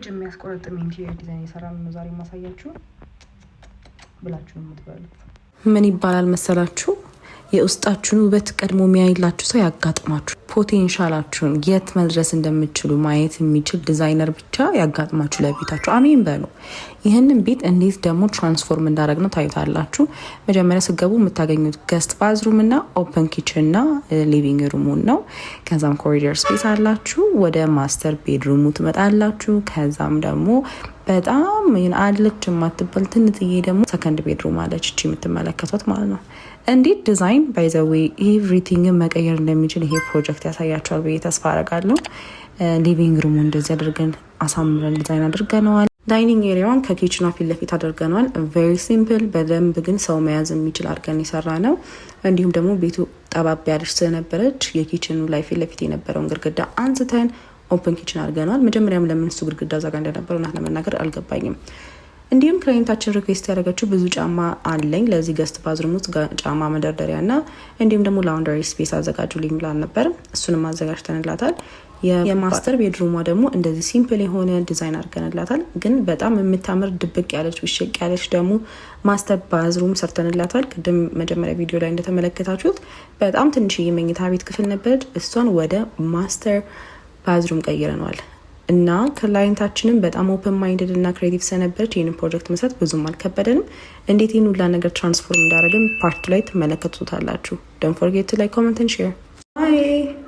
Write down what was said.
እጅ የሚያስቆረጥም ኢንቴሪየር ዲዛይን የሰራ ነው ዛሬ የማሳያችሁ። ብላችሁ የምትበሉት ምን ይባላል መሰላችሁ? የውስጣችሁን ውበት ቀድሞ የሚያይላችሁ ሰው ያጋጥማችሁ። ፖቴንሻላችሁን የት መድረስ እንደምችሉ ማየት የሚችል ዲዛይነር ብቻ ያጋጥማችሁ ለቤታችሁ አሜን በሉ። ይህንን ቤት እንዴት ደግሞ ትራንስፎርም እንዳደረግ ነው ታዩታላችሁ። መጀመሪያ ስገቡ የምታገኙት ገስት ባዝሩም እና ኦፕን ኪችን እና ሊቪንግ ሩሙን ነው። ከዛም ኮሪደር ስፔስ አላችሁ። ወደ ማስተር ቤድሩሙ ትመጣላችሁ። ከዛም ደግሞ በጣም አለች የማትባል ትንትዬ ደግሞ ሰከንድ ቤድሩም አለች እቺ የምትመለከቷት ማለት ነው። እንዴት ዲዛይን ባይዘዌ ኤቭሪቲንግን መቀየር እንደሚችል ይሄ ፕሮጀክት ያሳያቸዋል ብዬ ተስፋ አረጋለሁ። ሊቪንግ ሩሙ እንደዚህ አድርገን አሳምረን ዲዛይን አድርገነዋል። ዳይኒንግ ኤሪያዋን ከኪችኗ ፊት ለፊት አድርገነዋል። ቬሪ ሲምፕል፣ በደንብ ግን ሰው መያዝ የሚችል አድርገን የሰራ ነው። እንዲሁም ደግሞ ቤቱ ጠባብ ያለች ስለነበረች የኪችኑ ላይ ፊት ለፊት የነበረውን ግድግዳ አንስተን ኦፕን ኪችን አድርገናል። መጀመሪያም ለምን እሱ ግድግዳ ዛጋ እንደነበረው ናት ለመናገር አልገባኝም። እንዲሁም ክላይንታችን ሪኩዌስት ያደረገችው ብዙ ጫማ አለኝ ለዚህ ገስት ባዝሩም ውስጥ ጫማ መደርደሪያ እና እንዲሁም ደግሞ ላውንደሪ ስፔስ አዘጋጁልኝ ብላ ነበር። እሱንም አዘጋጅተንላታል። የማስተር ቤድሩሟ ደግሞ እንደዚህ ሲምፕል የሆነ ዲዛይን አድርገንላታል። ግን በጣም የምታምር ድብቅ ያለች ውሽቅ ያለች ደግሞ ማስተር ባዝሩም ሰርተንላታል። ቅድም መጀመሪያ ቪዲዮ ላይ እንደተመለከታችሁት በጣም ትንሽዬ የመኝታ ቤት ክፍል ነበረች። እሷን ወደ ማስተር በአዝሩም ቀይረነዋል እና ክላይንታችንም በጣም ኦፕን ማይንድድ እና ክሬቲቭ ስለነበረች ይህንን ፕሮጀክት መስራት ብዙም አልከበደንም። እንዴት ይህን ሁላ ነገር ትራንስፎርም እንዳደረግን ፓርቱ ላይ ትመለከቱታላችሁ። ዶንት ፎርጌት ቱ ኮመንት ኤንድ ሼር።